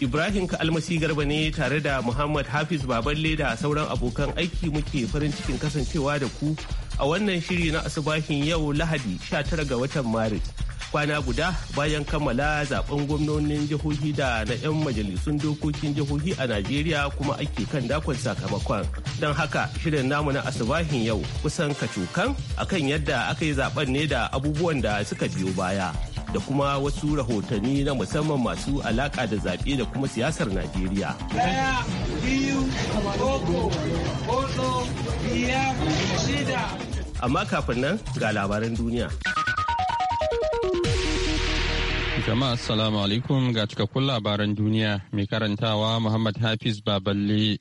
Ibrahim Almasi Garba ne tare da Muhammad Hafiz Baballe da sauran abokan aiki muke farin cikin kasancewa da ku a wannan shiri na asubahin yau Lahadi 19 ga watan Maris. Kwana guda bayan kammala zaben gwamnonin jihohi da na 'yan majalisun dokokin jihohi a Najeriya kuma ake kan dakon sakamakon. Don haka shirin namu na asubahin yau kusan kacokan akan yadda aka yi zaben ne da abubuwan da suka biyo baya. da kuma wasu rahotanni na musamman masu alaka da zaɓe da kuma siyasar Najeriya. Ɗaya, biyu, biyar, shida. Amma kafin nan ga labaran duniya. Jama'a assalamu alaikum ga cikakkun labaran duniya mai karantawa Muhammad Hafiz Baballe.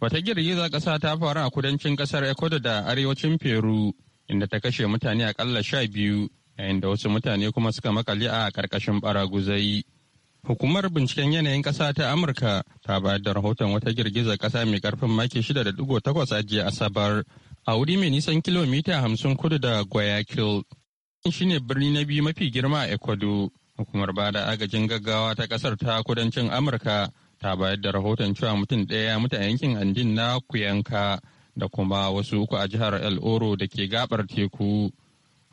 Wata girgiza ƙasa ta faru a kudancin ƙasar Ecuador da arewacin Peru inda ta kashe mutane akalla sha biyu yayin da wasu mutane kuma suka makale a karkashin baraguzai. Hukumar binciken yanayin ƙasa ta Amurka ta bayar da rahoton wata girgizar kasa mai ƙarfin maki 6.8 a jiya Asabar a wuri mai nisan kilomita 50 kudu da Guayaquil. Shi ne birni na biyu mafi girma a Ecuador. Hukumar bada agajin gaggawa ta kasar ta kudancin Amurka ta bayar da rahoton cewa mutum ɗaya ya mutu a yankin Andin na Kuyanka da kuma wasu uku a jihar El Oro da ke gabar teku.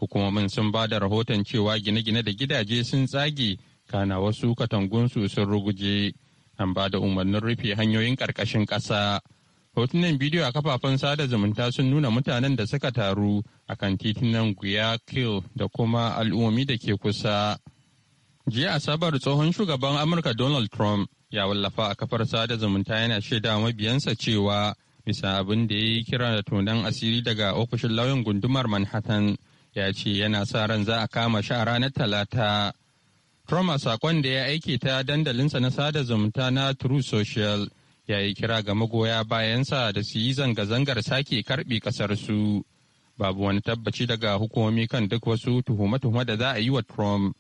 hukumomin sun ba da rahoton cewa gine-gine da gidaje sun tsage kana wasu katangunsu sun ruguje an ba da umarnin rufe hanyoyin ƙarƙashin ƙasa hotunan bidiyo a kafafen sada zumunta sun nuna mutanen da suka taru a kan titunan guayaquil da kuma al'ummi da ke kusa jiya asabar tsohon shugaban amurka donald trump ya wallafa a kafar sada zumunta yana shaida mabiyansa cewa bisa abin da ya yi kira da tonon asiri daga ofishin lauyan gundumar manhattan ya ce yana sa ran za a kama shi a ranar talata Trump a sakon da ya aiki ta dandalinsa na sada zumunta na True Social ya yi kira ga magoya bayansa da su yi zanga-zangar sake karbi kasarsu. Babu wani tabbaci daga hukumomi kan duk wasu tuhume-tuhume da za a yi wa Trump.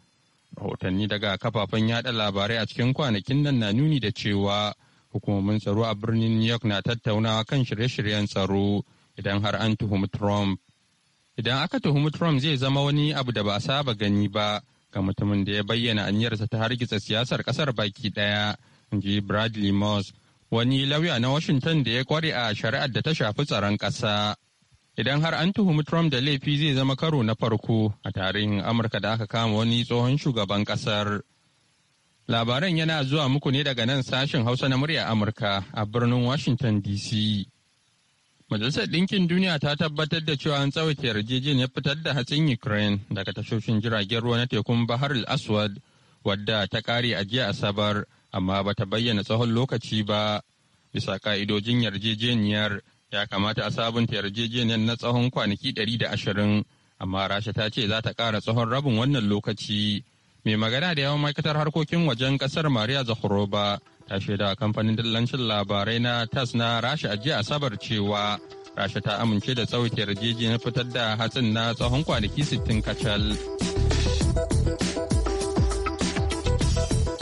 Rahotanni daga kafafen yada labarai a cikin kwanakin nan na nuni da cewa hukumomin tsaro a birnin New York na tattaunawa kan shirye-shiryen tsaro idan har an tuhumi Trump. idan aka tuhumi Trump zai zama wani abu da ba a saba gani ba ga mutumin da ya bayyana aniyarsa ta hargitsa siyasar kasar baki daya, in ji Bradley Moss, wani lauya na Washington da ya kware a shari'ar da ta shafi tsaron ƙasa. Idan har an tuhumi Trump da laifi zai zama karo na farko a tarihin Amurka da aka kama wani tsohon shugaban ƙasar. Labaran yana zuwa muku ne daga nan sashen Hausa na murya Amurka a birnin Washington DC. Majalisar Ɗinkin Duniya ta tabbatar da cewa an tsawaita yarjejeniyar fitar da hatsin Ukraine daga tashoshin jiragen ruwa na tekun Bahar al-Aswad wadda ta kare a jiya Asabar amma ba ta bayyana tsawon lokaci ba. Bisa ka'idojin yarjejeniyar ya kamata a sabunta yarjejeniyar na tsawon kwanaki ɗari da ashirin amma Rasha ta ce za ta ƙara tsawon rabin wannan lokaci. Mai magana da yawan ma'aikatar harkokin wajen ƙasar Maria Zakharova ta shaida a kamfanin dillancin labarai na tas na rasha a jiya asabar cewa rasha ta amince da jeji na fitar da hatsin na tsohon kwanaki 60 kacal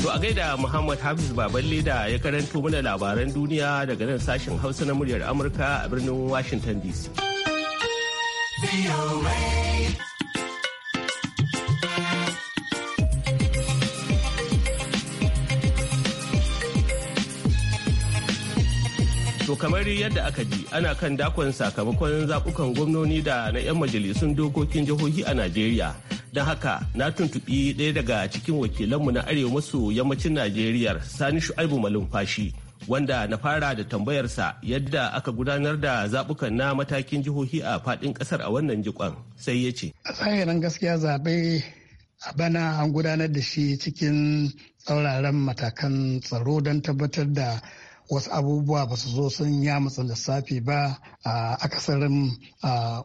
To a gaida Muhammad Hafiz Baballe leda ya karanto mana labaran duniya daga nan sashen Hausa na muryar Amurka a birnin Washington DC. To kamar yadda aka ji ana kan dakon sakamakon zabukan gwamnoni da na 'yan majalisun dokokin jihohi a Najeriya. Don haka na tuntuɓi ɗaya daga cikin wakilanmu na arewa maso yammacin Najeriya Sani Shu'aibu Malumfashi. Wanda na fara da tambayarsa yadda aka gudanar da zaɓukan na matakin jihohi a faɗin ƙasar a wannan jikon sai ya ce. A gaskiya zaɓe a bana an gudanar da shi cikin tsauraran matakan tsaro don tabbatar da wasu abubuwa ba su zo sun yamutsa lissafi ba a akasarin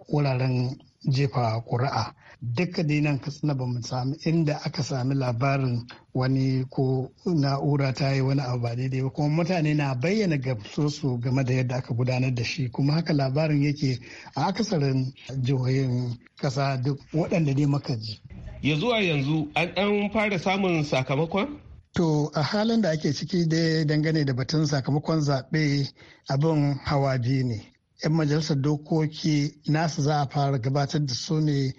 wuraren jefa ƙuri'a duka dinan katsina ba mu sami inda aka sami labarin wani ko na'ura ta yi wani abu ba daidai ba kuma mutane na bayyana gamsosu game da yadda aka gudanar da shi kuma haka labarin yake a akasarin jihohin kasa duk waɗanda ne maka ji ya zuwa yanzu an ɗan fara samun sakamakon To a halin da ake ciki dai dangane da batun sakamakon zaɓe abin hawa biyu ne. 'Yan majalisar dokoki nasu za a fara gabatar da su ne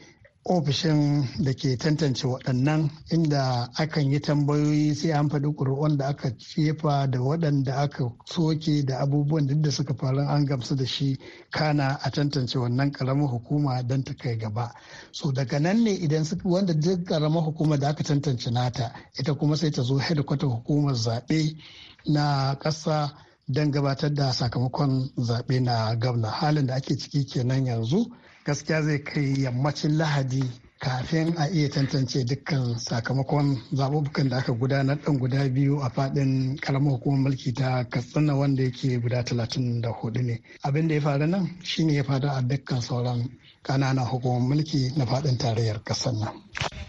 ofishin da ke tantance waɗannan inda akan yi tambayoyi sai an faɗi ƙuri'un da aka cefa da waɗanda aka soke da abubuwan duk da suka faru an gamsu da shi kana a tantance wannan ƙaramin hukuma don ta kai gaba so daga nan ne idan wanda duk ƙaramin hukuma da aka tantance nata ita kuma sai ta zo hedikwatar hukumar zaɓe na ƙasa don gabatar da sakamakon zaɓe na gwamna halin da ake ciki kenan yanzu gaskiya zai kai yammacin lahadi kafin a iya tantance dukkan sakamakon zaɓuɓɓukan da aka gudanar ɗan guda biyu a faɗin karamar hukumar mulki ta katsina wanda yake guda talatin da hudu ne abin da ya faru nan shine ya faru a dukkan sauran ƙananan hukumar mulki na faɗin tarayyar ƙasar nan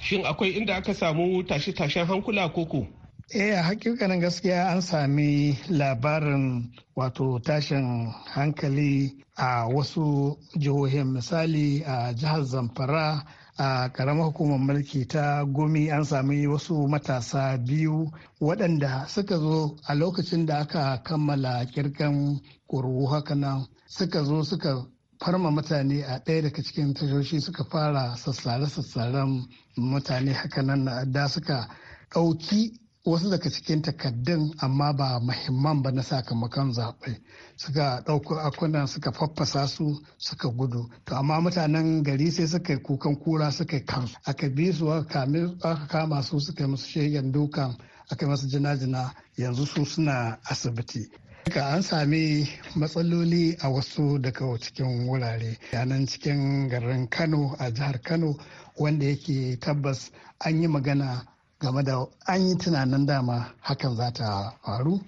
shin akwai inda aka samu tashe-tashen hankula koko Eh a hakikanin gaskiya an sami labarin wato tashin hankali a wasu jihohin misali a jihar Zamfara a karamar hukumar mulki ta gomi an sami wasu matasa biyu waɗanda suka zo a lokacin da aka kammala kirkan kurwu hakanan suka zo suka farma mutane a ɗaya daga cikin tashoshi suka fara sassare-sassaren mutane hakanan da suka ɗauki wasu daga cikin takaddun amma ba mahimman ba na sakamakon zaɓe suka ɗauko akwai suka faffasa su suka gudu to amma mutanen gari sai suka yi kukan kura suka yi kansu aka bi su aka kama su suka yi musu shegen dukan aka yi masu jina-jina yanzu su suna asibiti Ka an sami matsaloli a wasu daga cikin wurare yanan cikin garin Kano a jihar Kano wanda yake tabbas an yi magana game da an yi tunanin dama hakan za ta faru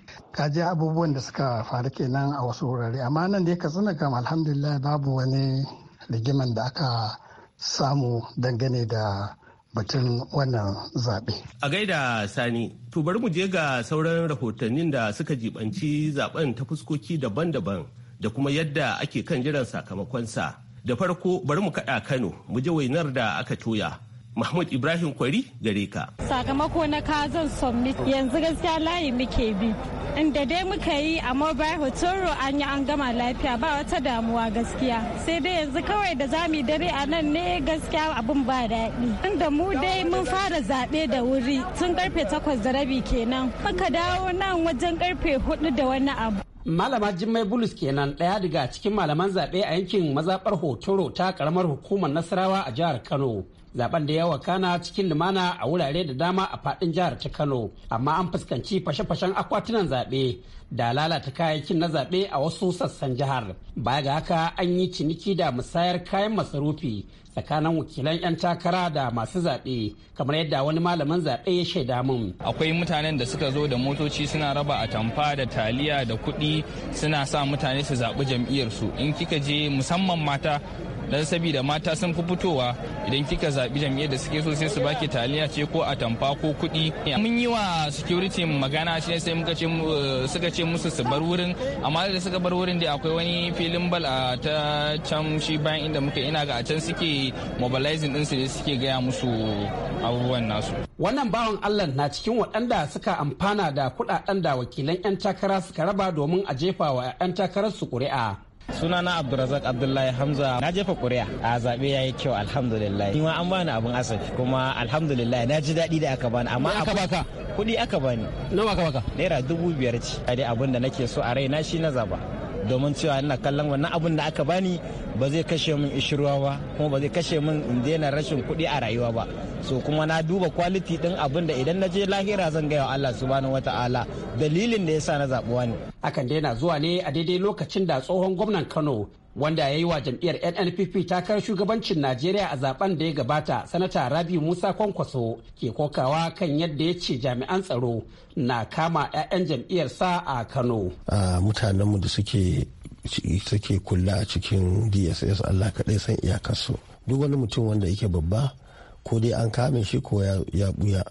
je abubuwan da suka faru kenan a wasu wurare amma nan da ya katsina kam alhamdulillah babu wani rigiman da aka samu dangane da batun wannan zaɓe. A gaida Sani, to bari mu je ga sauran rahotannin da suka jibanci zaben ta fuskoki daban-daban da kuma yadda ake kan jiran sakamakonsa. Da farko bari mu kaɗa Kano, mu je wainar da aka toya. Mahmud Ibrahim Kwari gare ka. Sakamako na kazan submit yanzu gaskiya layi muke bi. Inda dai muka yi a mobile hotoro an yi an gama lafiya ba wata damuwa gaskiya. Sai dai yanzu kawai da za mu dare a nan ne gaskiya abun ba daɗi. Inda mu dai mun fara zaɓe da wuri tun karfe takwas da rabi kenan. Muka dawo nan wajen karfe hudu da wani abu. Malama Jimmai Bulus kenan ɗaya daga cikin malaman zaɓe a yankin mazaɓar Hotoro ta ƙaramar hukumar Nasarawa a jihar Kano. zaben da yawa kana cikin lumana a wurare da dama a fadin jihar ta kano amma an fuskanci fashe-fashen akwatunan zaɓe da lalata kayayyakin na zaɓe a wasu sassan jihar baya ga haka an yi ciniki da musayar kayan masarufi tsakanin wakilan 'yan takara da masu zaɓe kamar yadda wani malamin zaɓe ya shaida min. akwai mutanen da suka zo da motoci suna raba atamfa da taliya da kuɗi suna sa mutane su zaɓi jam'iyyarsu in kika je musamman mata dan sabida mata sun fi fitowa idan kika zaɓi jam'iyyar da suke so sai su baki taliya ce ko atamfa ko kuɗi mun yi wa security magana sai muka eh, suka ce ce musu su bar wurin amma da suka bar wurin da akwai wani filin bal a ta can shi bayan inda muka ina ga a can suke mobilizing din su da suke gaya musu abubuwan nasu wannan bawan Allah na cikin waɗanda suka amfana da kuɗaɗen da wakilan 'yan takara suka raba domin a jefa wa 'yan takarar su ƙuri'a suna na abdulrazak abdullahi hamza na jefa kuri'a a zaɓe ya yi kyau alhamdulillah ni ma an bani abin asafi kuma alhamdulillah na ji daɗi da aka bani amma aka baka kuɗi aka bani nawa aka baka naira dubu biyar ce dai abin da nake so a rai na shi na zaba domin cewa ina kallon wannan abin da aka bani ba zai kashe min ishirwa ba kuma ba zai kashe min in daina rashin kuɗi a rayuwa ba so kuma na duba kwaliti ɗin abin da idan na je lahira zan gaya wa Allah subhanahu wata'ala dalilin da yasa na zaɓuwa ne akan daina zuwa ne a daidai lokacin da tsohon gwamnan kano wanda ya yi wa jam'iyyar nnpp takarar shugabancin najeriya a zaben da ya gabata sanata rabi musa kwankwaso ke kokawa kan yadda ya ce jami'an tsaro na kama 'ya'yan jam'iyyarsa a kano mutanenmu da suke suke kulla a cikin dss allah kaɗai san iyakarsu duk wani mutum wanda yake babba ko dai an kame shi ko ya buya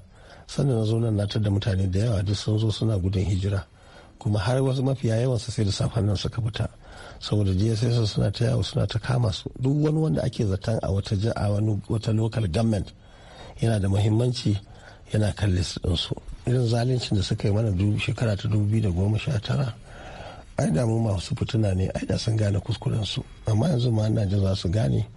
sannan na zo nan na da mutane da yawa duk sun zo suna gudun hijira kuma har wasu mafiya yawan sai da safan nan suka fita saboda jss suna ta yawo suna ta kama su duk wani wanda ake zaton a wata a wani wata local government yana da muhimmanci yana kalli su din su irin zaluncin da suka yi mana shekara ta dubu da goma sha tara ai da mu masu fituna ne ai da sun gane kuskurensu amma yanzu ma ina jin za su gane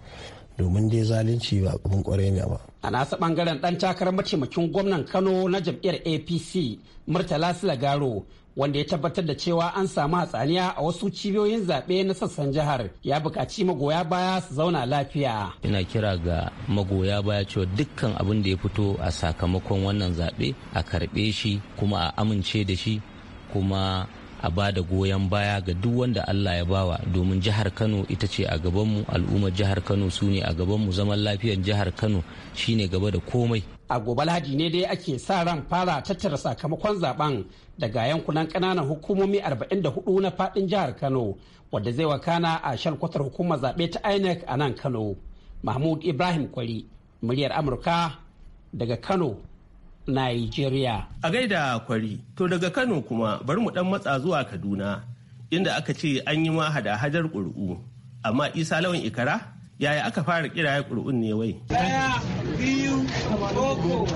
domin dai zalunci ba abin kwarai ne ba. A nasu bangaren dan takarar mataimakin gwamnan Kano na jam'iyyar APC Murtala Silagaro wanda ya tabbatar da cewa an samu hatsaniya a wasu cibiyoyin zaɓe na sassan jihar ya bukaci magoya baya su zauna lafiya. Ina kira ga magoya baya cewa dukkan abin da ya fito a sakamakon wannan zaɓe a karɓe shi kuma a amince da shi kuma a ba da goyon baya ga duk wanda Allah ya bawa domin jihar Kano ita ce a gabanmu al'ummar jihar Kano su ne a gabanmu zaman lafiyar jihar Kano shine gaba da komai. A gobe Lahadi ne dai ake sa ran fara tattara sakamakon zaben daga yankunan kananan hukumomi 44 na fadin jihar Kano wadda zai wakana a shalkwatar hukumar zaɓe ta INEC a nan Kano. Mahmud Ibrahim Kwari, muryar Amurka daga Kano Nigeria. A gaida kwari, to daga Kano kuma bari mu dan matsa zuwa Kaduna, inda aka ce an yi ma hada-hadar ƙuri'u, amma Isa Lawan Ikara yaya aka fara kiraye ƙuri'un ne wai daya biyu uku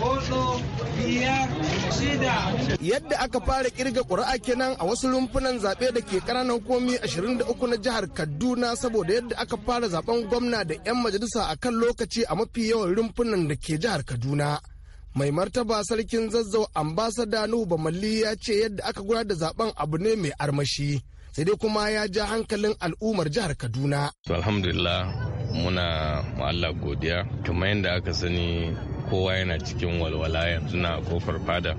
hudu biyar shida yadda aka fara kirga ƙuri'a kenan a wasu rumfunan zaɓe da ke ƙananan komi 23 na jihar kaduna saboda yadda aka fara zaben gwamna da 'yan majalisa a kan lokaci a mafi yawan rumfunan da ke jihar kaduna mai martaba sarkin zazzau ambasada nuhu bamalli ya ce yadda aka gudanar da zaben abu ne mai armashi sai dai kuma ya ja hankalin al'ummar jihar kaduna alhamdulillah muna Allah godiya kamar yadda aka sani kowa yana cikin walwala yanzu na kofar fada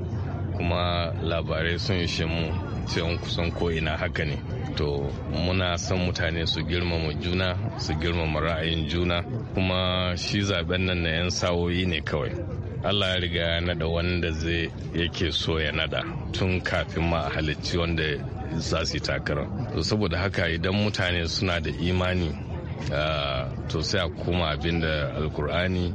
kuma labarai sun ishe mu sai kusan ko'ina haka ne to muna son mutane su girmama juna su girmama ra'ayin juna kuma shi zaben nan na 'yan sawoyi ne kawai Allah ya riga ya nada wanda zai yake so ya nada tun kafin ma a halicci wanda za su yi takarar. To saboda haka idan mutane suna da imani to sai a kuma abin da alkur'ani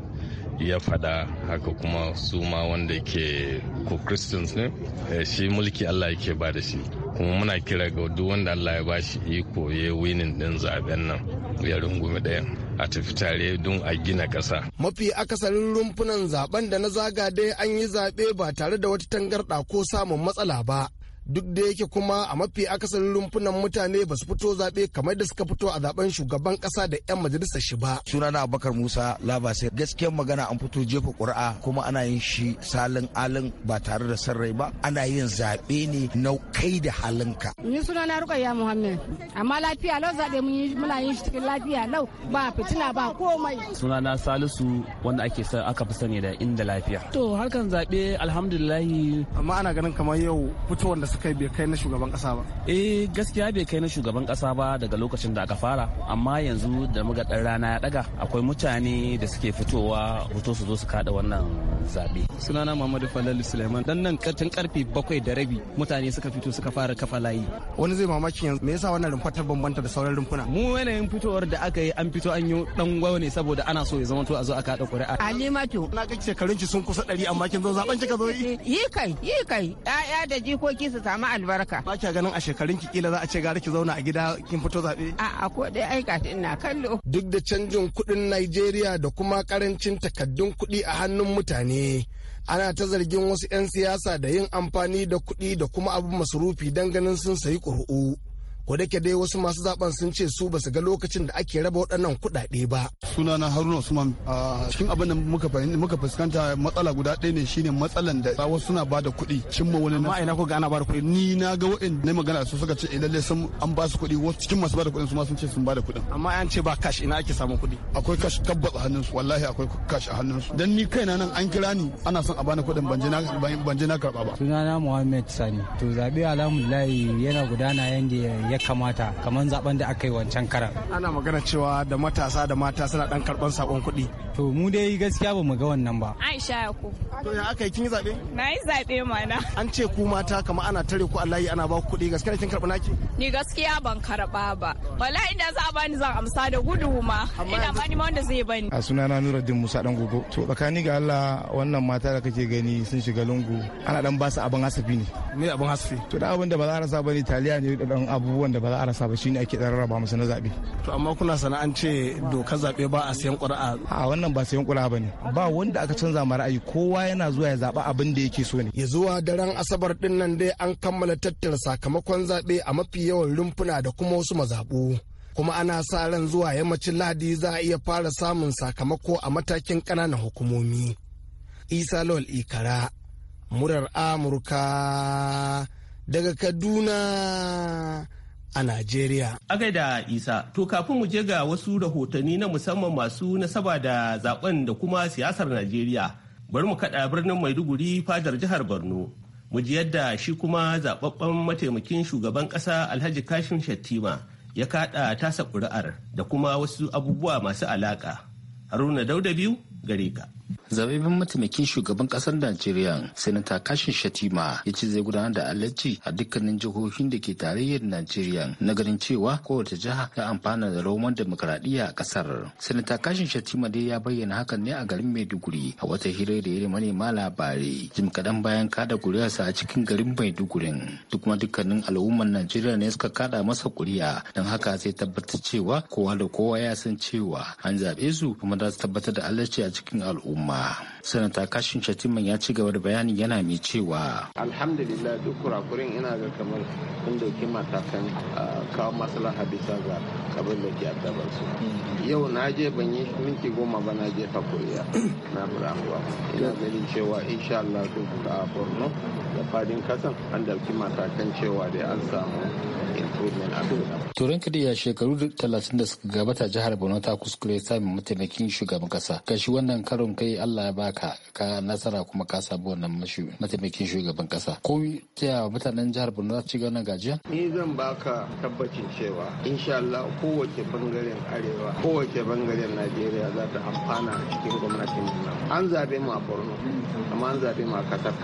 ya fada haka kuma su ma wanda ke ko christians ne eh, shi mulki Allah yake ba da shi kuma muna kira ga duk wanda Allah ya ba shi iko ya winin din zaben nan ya rungume ɗayan. a tafi tare don a gina ƙasa. Mafi akasarin rumfunan zaben da na zaga dai an yi zaɓe ba tare da wata tangarɗa ko samun matsala ba. duk da yake kuma a mafi akasarin rumfunan mutane ba su fito zaɓe kamar da suka fito a zaben shugaban ƙasa da 'yan majalisar shi ba. Sunana Abubakar Musa labasai gaskiyar magana an fito jefa ƙura'a kuma ana yin shi salin alin ba tare da sarrai ba ana yin zaɓe ne na kai da halinka. Ni sunana Rukayya Muhammad amma lafiya lau zaɓe mun yi muna yin shi cikin lafiya lau ba fitina ba komai. Sunana Salisu wanda ake aka fi sani da inda lafiya. To harkan zaɓe alhamdulillahi amma ana ganin kamar yau fitowar da su kai bai kai na shugaban kasa ba eh gaskiya bai kai na shugaban kasa ba daga lokacin da aka fara amma yanzu da muga dan rana ya daga akwai mutane da suke fitowa hoto su zo su kada wannan zabe sunana Muhammadu Falalu Suleiman dan nan katin karfe bakwai da rabi mutane suka fito suka fara kafa layi wani zai mamaki yanzu me yasa wannan rumfa ta bambanta da sauran rumfuna mu yanayin fitowar da aka yi an fito an yi dan gwawo ne saboda ana so ya zama to a zo a kada ƙuri'a Halimatu na ga shekarun ki sun kusa ɗari amma kin zo zaben kika zo yi yi kai yi kai ƴaƴa da jikoki su samu albarka ba kya ganin a shekarun ki kila za a ce gara ki zauna a gida kin fito zaɓe. a ko dai aika ta ina kallo duk da canjin kuɗin Najeriya da kuma karancin takaddun kuɗi a hannun mutane ana ta zargin wasu 'yan siyasa da yin amfani da kuɗi da kuma abu masurufi don ganin sun sayi ƙuri'u ko da dai wasu masu zaben sun ce su basu ga lokacin da ake raba waɗannan kuɗaɗe ba. sunana haruna usman a cikin abin da muka muka fuskanta matsala guda ɗaya ne shine matsalan da wasu suna bada kuɗi cimma wani na ina ko ga ana bada kuɗi ni na ga wa'in ne magana su suka ce eh, lalle sun an ba su kuɗi wasu cikin masu bada kuɗin su ma sun ce sun bada kuɗin amma an ce ba cash ina ake samun kuɗi akwai cash tabbas a su wallahi akwai cash a su dan ni kaina nan an kira ni ana son a bani kuɗin ban je na ban je na karba ba sunana muhammed sani to zabi alhamdulillah yana gudana yanda ya kamata kamar zaben da aka yi wancan karan ana magana cewa da matasa da mata suna dan karban sakon kuɗi to mu dai gaskiya ba mu ga wannan ba aisha ku. to ya aka yi kin zabe na yi zabe mana an ce ku mata kamar ana tare ku Allah ana ba ku kuɗi gaskiya kin karɓa naki ni gaskiya ban karɓa ba wallahi inda za ba bani zan amsa da gudu ma ina ba ni ma wanda zai bani a sunana Nuruddin Musa dan gogo to tsakani ga Allah wannan mata da kake gani sun shiga lungu ana dan ba su abin hasafi ne me abin hasafi to da abin da ba za a rasa bane taliya ne da dan abubuwa abubuwan da ba za a rasa ba shine ake rarraba musu na zaɓe. To amma kuna sana'ance ce dokar zaɓe ba a sayan ƙuri'a. A wannan ba sayan ƙuri'a ba Ba wanda aka canza ma ra'ayi kowa yana zuwa ya zaba abin da yake so ne. Ya zuwa daren Asabar ɗin nan dai an kammala tattara sakamakon zaɓe a mafi yawan rumfuna da kuma wasu mazaɓu. kuma ana sa ran zuwa yammacin ladi za a iya fara samun sakamako a matakin ƙananan hukumomi. Isa Lol Ikara, murar Amurka daga Kaduna a Najeriya. A Isa, to kafin mu je ga wasu rahotanni na musamman masu nasaba da zaben da kuma siyasar Najeriya, bari mu kaɗa birnin Maiduguri fadar jihar Borno. Mu ji yadda shi kuma zababben mataimakin shugaban ƙasa Alhaji Kashim Shattima ya kaɗa tasa ƙuri'ar da kuma wasu abubuwa masu alaƙa. Haruna Dauda biyu gare ka. zababin mataimakin shugaban kasar najeriya senator kashin shatima ya ce zai gudanar da alaji a dukkanin jihohin da ke tarayyar najeriya na ganin cewa kowace jiha ta amfana da roman demokaradiyya a kasar senator kashin shatima dai ya bayyana hakan ne a garin maiduguri a wata hira da ya manema labarai jim kaɗan bayan kada sa a cikin garin maidugurin duk kuma dukkanin al'ummar najeriya ne suka kada masa kuri'a don haka sai tabbatar cewa kowa da kowa ya san cewa an zaɓe su kuma za su tabbatar da alaci a cikin al'umma al'umma. Sanata Kashin Chatiman ya ci gaba da bayani yana mai cewa. Alhamdulillah duk kurakurin ina ga kamar in dauki matakan kawo maslaha bisa ga abin da ke addabar su. Mm. Yau na je ban yi minti goma ba na je Fakuriya na Buramuwa. Ina ganin cewa insha Allah duk a Borno da fadin kasan an dauki matakan cewa dai an samu Turan ya shekaru talatin da suka gabata jihar Borno ta kuskure samun mataimakin shugaban kasa. kashi wannan karon kai Allah ya baka ka nasara kuma ka sabu wannan mataimakin shugaban kasa ko ta mutanen jihar Borno za su ci ganin gajiya ni zan baka tabbacin cewa insha Allah kowace bangaren arewa kowace bangaren Najeriya za ta amfana cikin gwamnatin nan an zabe mu a Borno amma an zabe mu a kasar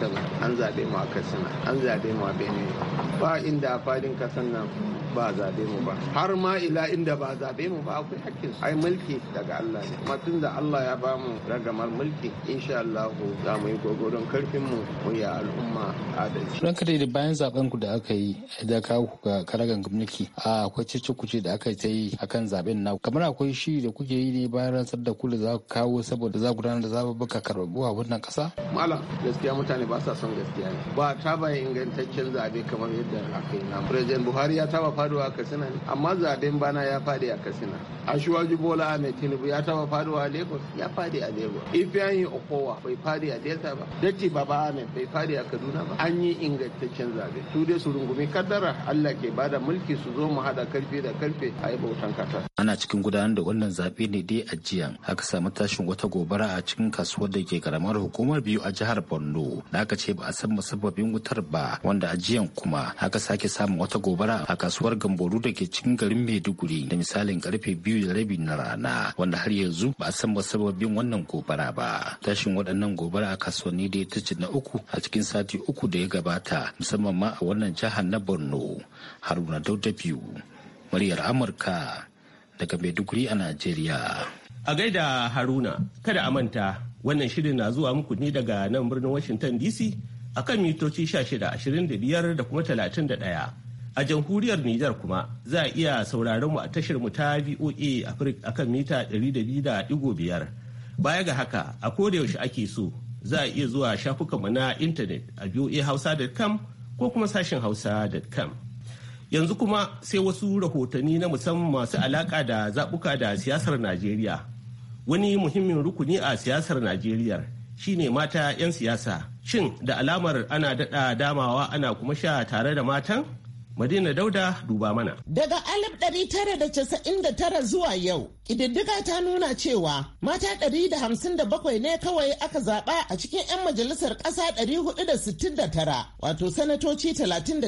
an zabe mu a Katsina an zabe mu a Benue ba inda fadin kasan nan ba zabe mu ba har ma ila inda ba zabe mu ba akwai hakkin ai mulki daga Allah ne kuma tunda Allah ya ba mu ragamar mulki insha Allah za mu yi gogoron karfin mu mu ya al'umma adalci ranka da bayan zaben ku da aka yi da kawo ku ga karagan mulki a akwai kuce da aka yi akan zaben na kamar akwai shi da kuke yi ne bayan rantsar da kula za ku kawo saboda za ku gudanar da zaɓuɓɓuka karɓaɓɓu a wannan ƙasa malam gaskiya mutane ba sa son gaskiya ne ba ta bayan ingantaccen zabe kamar yadda aka yi na president buhari ya taba faduwa katsina ne amma zaben bana ya fadi a katsina ashiwaju bola a mai tinubu ya taba faduwa a lagos ya fadi a lagos ifeanyi okowa bai fadi a delta ba datti baba ahmed bai fadi a kaduna ba an yi ingantaccen zabe su dai su rungumi kaddara allah ke bada mulki su zo mu hada karfe da karfe a yi bautan kasa. ana cikin gudanar da wannan zabe ne dai a jiya aka samu tashin wata gobara a cikin kasuwar da ke karamar hukumar biyu a jihar borno da aka ce ba a san musabbabin wutar ba wanda a jiyan kuma aka sake samun wata gobara a kasuwar kasuwar Gamboru da ke cikin garin Maiduguri da misalin karfe biyu da rabi na rana wanda har yanzu ba a san ba wannan gobara ba. Tashin waɗannan gobara a kasuwanni da tace na uku a cikin sati uku da ya gabata musamman ma a wannan jihar na Borno Haruna Dauda biyu muryar Amurka daga Maiduguri a Najeriya. A gaida Haruna kada a manta wannan shirin na zuwa muku ne daga nan birnin Washington DC akan mitoci 16, 25 da kuma 31. A jamhuriyar Nijar kuma za a iya sauraron mu a tashar mu ta VOA Africa akan mita 200.5. Baya ga haka a koda yaushe ake so za a iya zuwa shafukanmu na intanet a voahausa.com ko kuma sashen hausa.com. Yanzu kuma sai wasu rahotanni na musamman masu alaka da zaɓuka da siyasar Najeriya. Wani muhimmin rukuni a siyasar Najeriya shine mata 'yan siyasa. Shin da alamar ana daɗa damawa ana kuma sha tare da matan? Madina Dauda duba mana. Daga 1999 zuwa yau, Ƙididdiga ta nuna cewa mata 157 ne kawai aka zaɓa a cikin 'yan majalisar ƙasa 469 wato sanatoci 38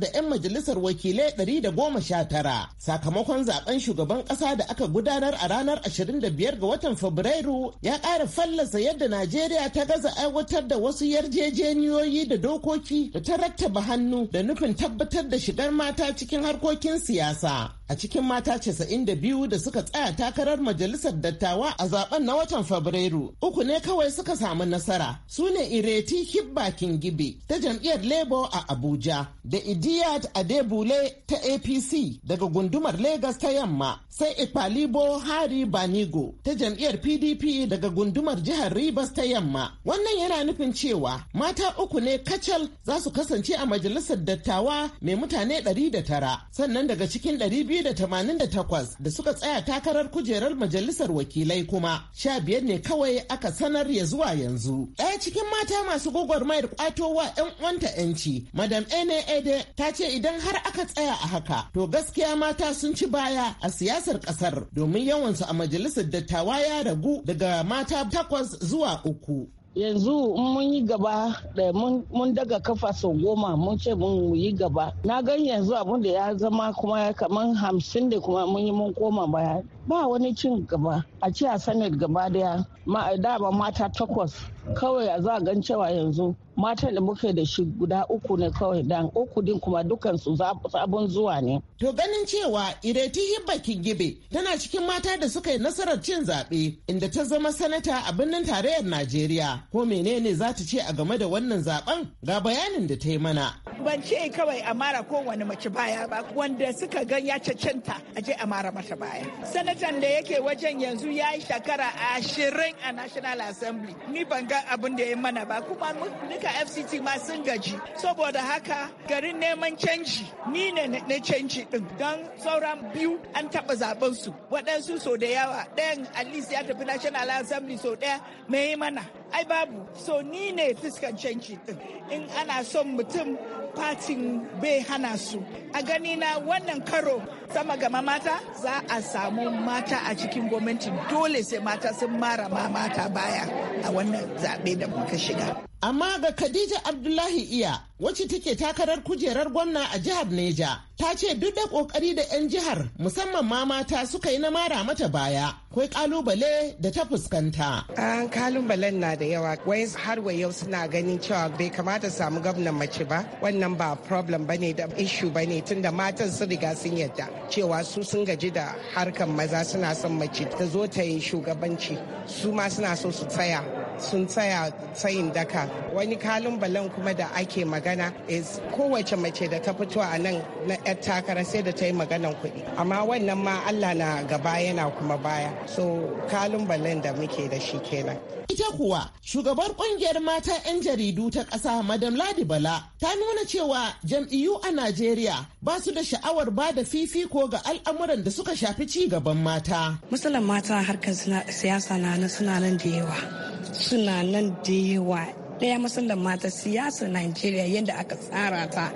da 'yan majalisar wakilai 119 sakamakon zaben shugaban ƙasa da aka gudanar a ranar 25 ga watan Fabrairu ya ƙara fallasa yadda Najeriya ta gaza aiwatar da wasu yarjejeniyoyi da dokoki da ta rattaba hannu da nufin tabbatar da shigar mata cikin harkokin siyasa. a cikin mata 92 da suka tsaya takarar majalisar dattawa a zaben na watan fabrairu uku ne kawai suka samu nasara su ne ireti hibba kingibe ta jam'iyyar labour a abuja da idiyat adebule ta apc daga gundumar Legas ta yamma sai ipalibo hari banigo ta jam'iyyar pdp daga gundumar jihar ribas ta yamma wannan yana nufin cewa mata uku ne kacal za su kasance a majalisar dattawa mai mutane 109 sannan daga cikin 200 288 da suka tsaya takarar kujerar majalisar wakilai kuma sha biyar ne kawai aka sanar ya zuwa yanzu. Ɗaya cikin mata masu gwagwarmayar wa 'yan uwanta 'yanci, Madam Ene Ede ta ce idan har aka tsaya a haka, to gaskiya mata sun ci baya a siyasar ƙasar domin yawansu a majalisar dattawa ya ragu daga mata takwas zuwa uku. yanzu mun yi gaba da mun daga kafa sau goma mun ce mun yi gaba na gan yanzu abun da ya zama kuma kamar hamsin da kuma mun yi mun koma baya ba wani cin gaba a ce a senate gaba daya dama mata takwas kawai za a gan cewa yanzu matan da muke da shi guda uku ne kawai dan uku din kuma dukan su sabon zuwa ne. To ganin cewa Ireti Hibba gibe tana cikin mata da suka yi nasarar cin zaɓe inda ta zama sanata a birnin tarayyar Najeriya ko menene za ta ce a game da wannan zaben ga bayanin da ta yi mana. Ban ce kawai a mara kowane mace baya ba wanda suka gan ya cancanta a je a mara mata baya. Sanatan da yake wajen yanzu ya yi shekara ashirin a National Assembly. Ni ban ga abin da ya mana ba kuma duka fct ma sun gaji saboda haka garin neman canji ni ne na canji din don sauran biyu an taba zaben su waɗansu so da yawa ɗayan alice ya tafi national assembly so ɗaya mai mana ai babu so ni ne fuskan canji din in ana son mutum fatin bai hana su a gani na wannan karo sama gama mata za a samu mata a cikin gwamnati dole sai mata sun mara ma mata baya a wannan zaɓe da muka shiga. Amma ga Khadija Abdullahi Iya wacce take takarar kujerar gwamna a jihar Neja ta ce duk da ƙoƙari da 'yan jihar musamman ma mata suka yi na mara mata baya kwai kalubale da ta fuskanta. An kalubalen na da yawa wai har wa yau suna ganin cewa bai kamata samu gwamnan mace ba wannan ba problem ba ne da issue ba ne tunda matan sun riga sun yadda cewa su sun gaji da harkan maza suna son mace ta zo ta yi shugabanci su ma suna so su tsaya sun tsaya tsayin daka wani balan kuma da ake magana is kowace mace da ta fito a nan na 'yar takara sai da ta yi maganan kuɗi amma wannan ma allah na gaba yana kuma baya so balan da muke da shi kenan Ita kuwa shugabar kungiyar mata 'yan jaridu ta ƙasa Madam Ladi Bala ta nuna cewa jam'iyyu a Najeriya ba su da sha'awar ba da fifiko ga al'amuran da suka shafi ci gaban mata. Musulun mata harkar siyasa na nan suna nan da yawa. Suna nan da yawa. Ɗaya musulun mata siyasa Najeriya yadda aka tsara ta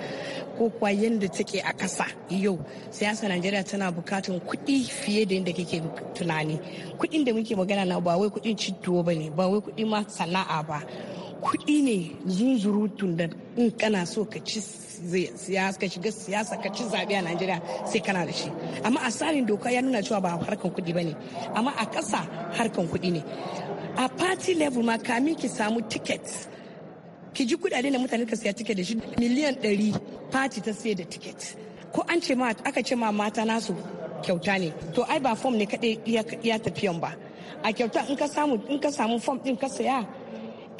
ko kuwa yadda take a kasa yau siyasa najeriya tana bukatun kuɗi fiye da yadda kake tunani kuɗin da muke magana na ba wai kuɗin cituwo ba ne ba wai kuɗi ma sana'a ba kuɗi ne zunzurutun da in kana so ka ci siyasa ka shiga siyasa ka ci zaɓe a Najeriya sai kana da shi amma a tsarin doka ya nuna cewa ba harkan kuɗi ba ne amma a ƙasa harkan kuɗi ne a party level ma kamin ki samu tiket. ki ji kuɗaɗe da mutane ka siya tiket da shi miliyan ɗari fati ta siya da tiket ko an ce ma aka ce ma mata nasu kyauta ne to ai ba fom ne kaɗai iya tafiyan ba a kyauta in ka samu in ka samu fom ɗin ka saya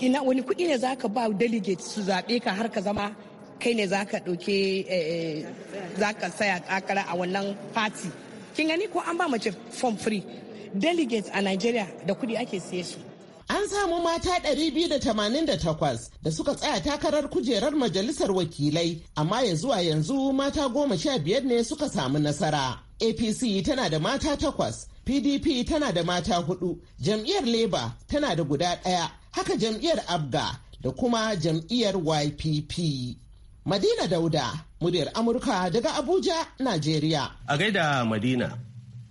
ina wani kuɗi ne za ka ba delegate su zaɓe ka har ka zama kai ne za ka ɗauke eh, za ka saya takara a wannan fati kin gani ko an ba mace fom free delegates a nigeria da kuɗi ake siya su an samu mata 288 da suka tsaya takarar kujerar majalisar wakilai amma ya zuwa yanzu mata goma sha biyar ne suka samu nasara apc tana da mata takwas pdp tana da mata hudu jam'iyyar labour tana da guda ɗaya haka jam'iyyar abga da kuma jam'iyyar ypp madina dauda muryar amurka daga abuja najeriya a gaida madina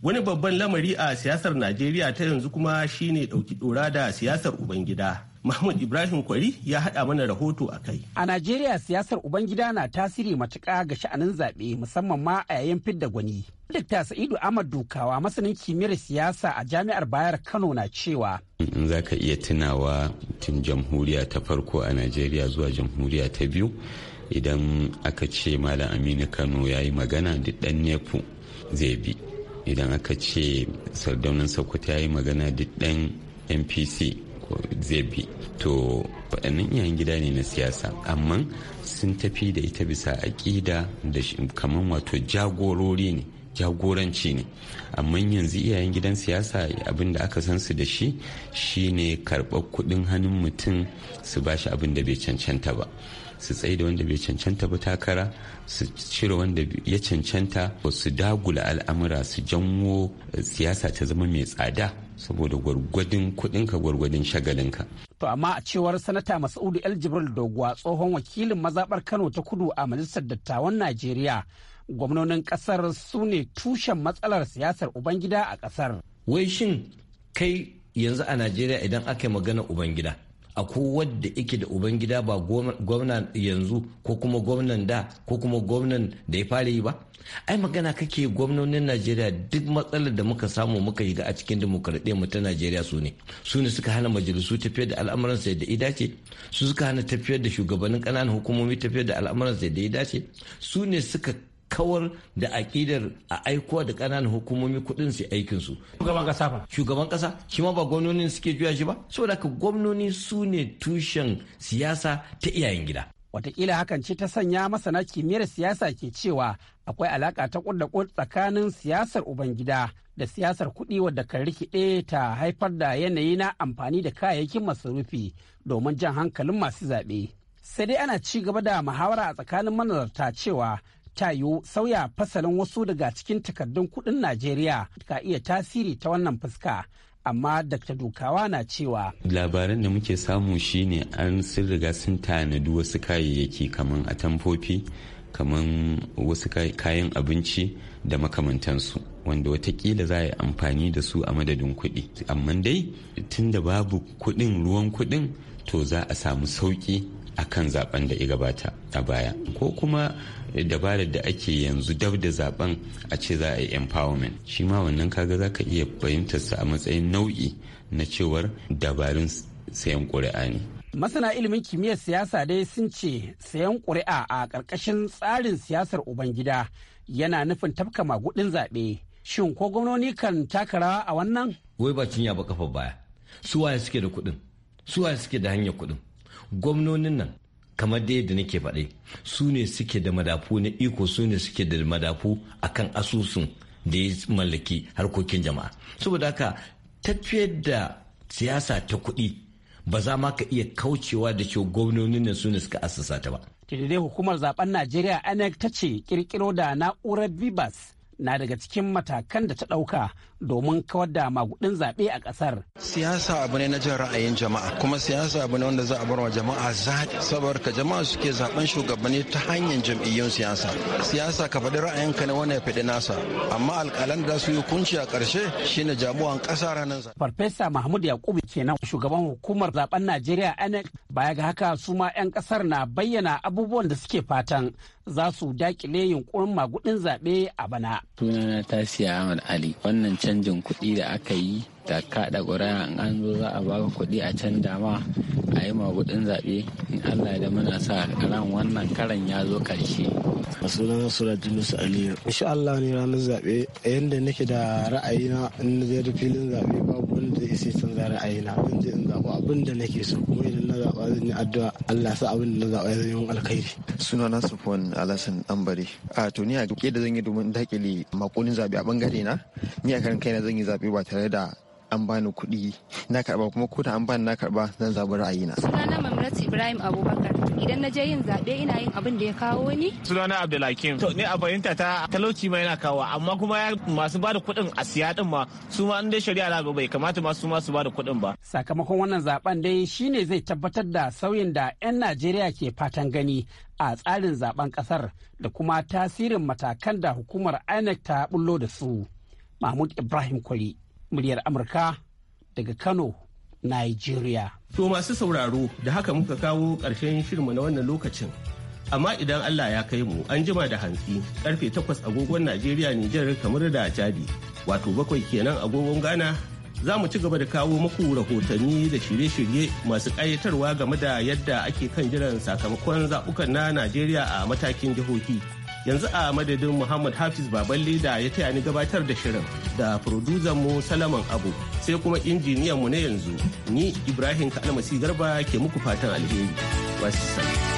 Wani babban lamari a siyasar Najeriya ta yanzu kuma shine ɗauki dora da siyasar Ubangida. Mahmud Ibrahim Kwari ya haɗa mana rahoto a kai. A Najeriya siyasar Ubangida na tasiri matuƙa ga sha'anin zaɓe musamman ma a yayin fidda gwani. ta Sa'idu Ahmad Dukawa masanin kimiyyar siyasa a Jami'ar Bayar Kano na cewa. In za ka iya tunawa tun jamhuriya ta farko a Najeriya zuwa jamhuriya ta biyu idan aka ce Malam Aminu Kano ya yi magana duk ɗan nefu zai bi. idan aka ce sardaunin sokoto ya yi magana duk ɗan npc ko zebi to faɗannan iyayen gida ne na siyasa amma sun tafi da ita bisa aƙida da kamar wato jagorori ne jagoranci ne amma yanzu iyayen gidan siyasa abin da aka san su da shi shine karɓar kuɗin hannun mutum su bashi abin da bai cancanta ba su tsaye da wanda bai cancanta ba takara su cire wanda ya cancanta ba su dagula al'amura su janwo eh, siyasa ta zama mai tsada saboda gwargwadin kudinka gwargwadin shagalinka. To amma a cewar sanata Mas'udu El Jibril Doguwa tsohon wakilin mazabar Kano ta kudu a majalisar dattawan Najeriya gwamnonin kasar su ne tushen matsalar siyasar Ubangida a kasar. Wai shin kai yanzu a Najeriya idan aka yi magana Ubangida akwai wadda yake da ubangida ba gwamna yanzu ko kuma gwamnan da ko kuma gwamnan da ya fara yi ba ai magana kake gwamnonin najeriya duk matsalar da muka samu muka shiga a cikin mu ta najeriya su ne su ne suka hana majalisu tafiyar da sai da ya dace su suka hana tafiyar da shugabannin ƙananan hukumomi tafiyar da sai da ya dace su ne suka kawar da aƙidar a aiko da ƙananan hukumomi kuɗin su aikin su. Shugaban ƙasa ba. Shugaban ƙasa shi ma ba gwamnoni suke juya shi ba. Saboda ka gwamnoni su ne tushen siyasa ta iyayen gida. Wataƙila hakan ce ta sanya masana kimiyyar siyasa ke cewa akwai alaƙa ta ƙudda tsakanin siyasar Ubangida da siyasar kuɗi wadda kan rikide ta haifar da yanayi na amfani da kayayyakin masarufi domin jan hankalin masu zaɓe. Sai dai ana ci gaba da muhawara a tsakanin manazarta cewa ta yiwu sauya fasalin wasu daga cikin takardun kuɗin Najeriya ka iya tasiri ta wannan fuska. Amma Dr. dokawa na cewa. Labaran da muke samu shine an sun riga sun tanadi wasu kayayyaki kamar a tamfofi kamar wasu kayan abinci da makamantansu. wanda watakila za a yi amfani da su a madadin kuɗi amma dai tunda babu kuɗin ruwan kuɗin to za a samu sauƙi a kan zaben da ya gabata a baya ko kuma dabarar da ake yanzu dab da zaben a ce za a yi empowerment shi ma wannan kaga za ka iya sa a matsayin nau'i na cewar dabarun sayan ƙuri'a ne masana ilimin kimiyyar siyasa dai sun ce sayan ƙuri'a a ƙarƙashin tsarin siyasar ubangida yana nufin tafka magudin zaɓe shin ko gwamnoni kan taka rawa a wannan wai ba cinya ba kafa baya su waye suke da kuɗin su suke da hanyar kuɗin gwamnonin nan kamar dai da nake faɗi su ne suke da madafu na iko su ne suke da madafu akan asusun da ya mallaki harkokin jama'a saboda haka tafiyar da siyasa ta kuɗi ba za ma ka iya kaucewa da cewa gwamnonin na su ne suka asasa ta ba. daidai hukumar zaben Najeriya INEC ta ce kirkiro da na'urar Bibas na daga cikin matakan da ta ɗauka domin kawar da magudin zaɓe a kasar. Siyasa abu ne na jin ra'ayin jama'a kuma siyasa abu ne wanda za a bar wa jama'a zaɓi saboda jama'a suke zaɓen shugabanni ta hanyar jam'iyyun siyasa. Siyasa ka faɗi ra'ayinka ne wanda ya faɗi nasa amma alƙalan da su yi kunci a ƙarshe shine jamuwan ƙasa ranar zaɓe. Farfesa Mahmud Yakubu kenan shugaban hukumar zaɓen Najeriya INEC baya ga haka su ma 'yan ƙasar na bayyana abubuwan da suke fatan za su daƙile yunkurin magudin zaɓe a bana. Sunana Tasiya Ahmad Ali wannan canjin kuɗi da aka yi da kaɗa ƙuri'a in an zo za a baka kuɗi a canja ma a yi maguɗin zaɓe in allah da muna sa ran wannan karan ya zo ƙarshe sunan surat yunus aliyu insha allah ne ranar zaɓe yadda nake da ra'ayina in zai da filin zaɓe babu wanda zai isa canza ra'ayina na je in zaɓi abin da nake so kuma zaɓa zan yi addu'a Allah sa abin da na zaɓa zan yi alkhairi. Suna na Sufwan Alhassan Ambari. A to ni a ke da zan yi domin dakile makonin zaɓe a ɓangare na ni a kai na zan yi zaɓe ba tare da an bani kuɗi na karɓa kuma ko da an bani na karɓa zan zaɓi ra'ayi na. Suna na Mamrat Ibrahim Abubakar. idan na je yin zaɓe ina yin abin da ya kawo ni. Sunana Abdulhakim. To ne a fahimta ta talauci ma yana kawo amma kuma masu bada kuɗin a siya din ma su ma dai shari'a na bai kamata ma su ma su bada kuɗin ba. Sakamakon wannan zaben dai shine zai tabbatar da sauyin da 'yan Najeriya ke fatan gani a tsarin zaben kasar da kuma tasirin matakan da hukumar INEC ta bullo da su. Mahmud Ibrahim Kwari, muryar Amurka daga Kano, Nigeria. To masu sauraro da haka muka kawo ƙarshen shirinmu na wannan lokacin. Amma idan Allah ya kai mu an jima da hantsi karfe takwas agogon Najeriya Nijar kamar da jadi wato bakwai kenan agogon Ghana za mu ci gaba da kawo maku rahotanni da shirye-shirye masu ƙayatarwa game da yadda ake kan jiran sakamakon zaɓukan na Najeriya a matakin jihohi. yanzu a madadin muhammad hafiz baban leda ya taya ni gabatar da shirin da mu salaman abu sai kuma injiniyan mu na yanzu ni ibrahim kalmasi garba ke muku fatan alheri wasu